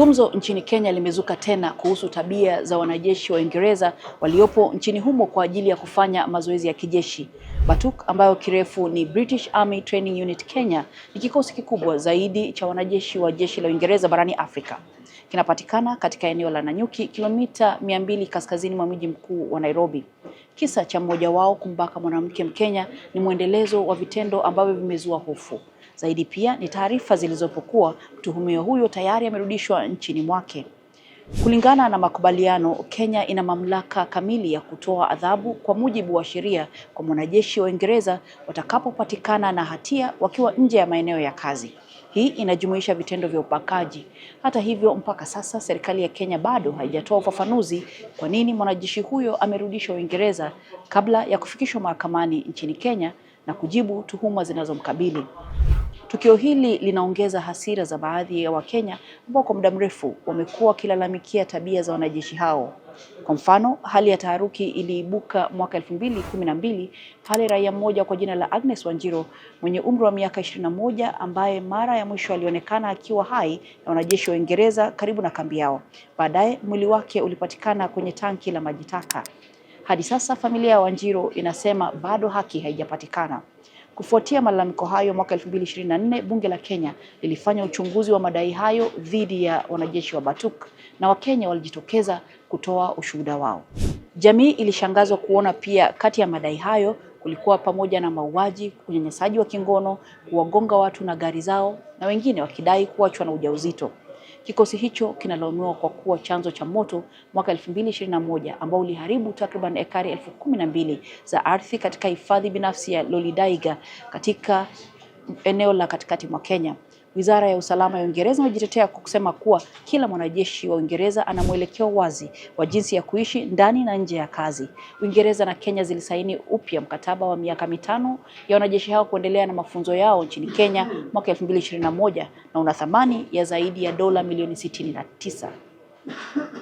Gumzo nchini Kenya limezuka tena kuhusu tabia za wanajeshi wa Uingereza waliopo nchini humo kwa ajili ya kufanya mazoezi ya kijeshi. Batuk ambayo kirefu ni British Army Training Unit Kenya ni kikosi kikubwa zaidi cha wanajeshi wa jeshi la Uingereza barani Afrika. Kinapatikana katika eneo la Nanyuki, kilomita mia mbili kaskazini mwa mji mkuu wa Nairobi. Kisa cha mmoja wao kumbaka mwanamke Mkenya ni mwendelezo wa vitendo ambavyo vimezua hofu. Zaidi pia ni taarifa zilizopokuwa mtuhumiwa huyo tayari amerudishwa nchini mwake. Kulingana na makubaliano, Kenya ina mamlaka kamili ya kutoa adhabu kwa mujibu wa sheria kwa mwanajeshi wa Uingereza watakapopatikana na hatia wakiwa nje ya maeneo ya kazi. Hii inajumuisha vitendo vya ubakaji. Hata hivyo, mpaka sasa serikali ya Kenya bado haijatoa ufafanuzi kwa nini mwanajeshi huyo amerudishwa Uingereza kabla ya kufikishwa mahakamani nchini Kenya na kujibu tuhuma zinazomkabili. Tukio hili linaongeza hasira za baadhi ya Wakenya ambao kwa muda mrefu wamekuwa wakilalamikia tabia za wanajeshi hao. Kwa mfano, hali ya taharuki iliibuka mwaka elfu mbili kumi na mbili pale raia mmoja kwa jina la Agnes wanjiro mwenye umri wa miaka ishirini na moja ambaye mara ya mwisho alionekana akiwa hai na wanajeshi wa Uingereza karibu na kambi yao. Baadaye mwili wake ulipatikana kwenye tanki la maji taka. Hadi sasa familia ya wanjiro inasema bado haki haijapatikana. Kufuatia malalamiko hayo, mwaka 2024 bunge la Kenya lilifanya uchunguzi wa madai hayo dhidi ya wanajeshi wa Batuk na Wakenya walijitokeza kutoa ushuhuda wao. Jamii ilishangazwa kuona pia kati ya madai hayo kulikuwa pamoja na mauaji, unyanyasaji wa kingono, kuwagonga watu na gari zao na wengine wakidai kuachwa na ujauzito. Kikosi hicho kinalaumiwa kwa kuwa chanzo cha moto mwaka 2021 ambao uliharibu takriban ekari elfu kumi na mbili za ardhi katika hifadhi binafsi ya Lolidaiga katika eneo la katikati mwa Kenya. Wizara ya usalama ya Uingereza imejitetea kwa kusema kuwa kila mwanajeshi wa Uingereza ana mwelekeo wazi wa jinsi ya kuishi ndani na nje ya kazi. Uingereza na Kenya zilisaini upya mkataba wa miaka mitano ya wanajeshi hao kuendelea na mafunzo yao nchini Kenya mwaka 2021 na una thamani ya zaidi ya dola milioni 69.